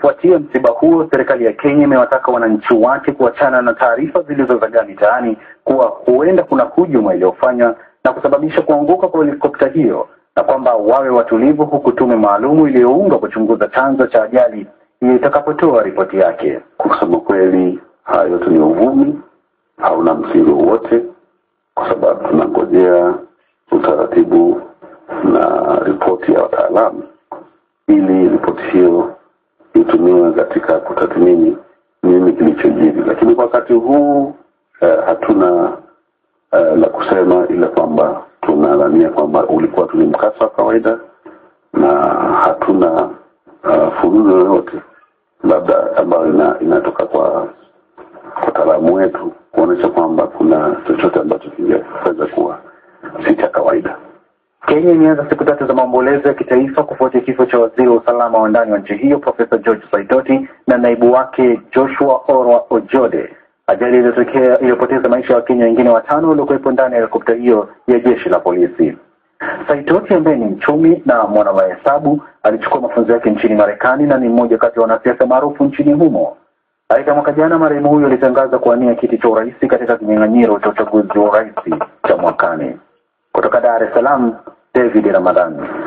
Kufuatia msiba huo, serikali ya Kenya imewataka wananchi wake kuachana na taarifa zilizozagaa mitaani kuwa huenda kuna hujuma iliyofanywa na kusababisha kuanguka kwa helikopta hiyo na kwamba wawe watulivu, huku tume maalumu iliyoundwa kuchunguza chanzo cha ajali itakapotoa ripoti yake. Kusema kweli, hayo yote ni uvumi, hauna msingi wowote, kwa sababu tunangojea utaratibu na ripoti ya wataalamu ili ripoti hiyo kutumiwa katika kutathmini nini kilichojiri, lakini kwa wakati huu uh, hatuna uh, la kusema, ila kwamba tunadhania kwamba ulikuwa tu ni mkasa wa kawaida na hatuna uh, eh, furuzo yoyote labda ambayo ina, inatoka kwa wataalamu wetu kuonyesha kwamba kuna chochote ambacho kingeweza kuwa si cha kawaida. Kenya imeanza siku tatu za maombolezo ya kitaifa kufuatia kifo cha waziri wa usalama wa ndani wa nchi hiyo Profesa George Saitoti na naibu wake Joshua Orwa Ojode. Ajali iliyotokea iliyopoteza maisha ya Wakenya wengine watano waliokuwepo ndani ya helikopta hiyo ya jeshi la polisi. Saitoti ambaye ni mchumi na mwana hesabu alichukua mafunzo yake nchini Marekani na ni mmoja kati ya wanasiasa maarufu nchini humo. Aidha, mwaka jana marehemu huyo alitangaza kuwania kiti cha urais katika kinyang'anyiro cha uchaguzi wa urais cha mwakani. Kutoka Dar es Salaam, tey di Ramadan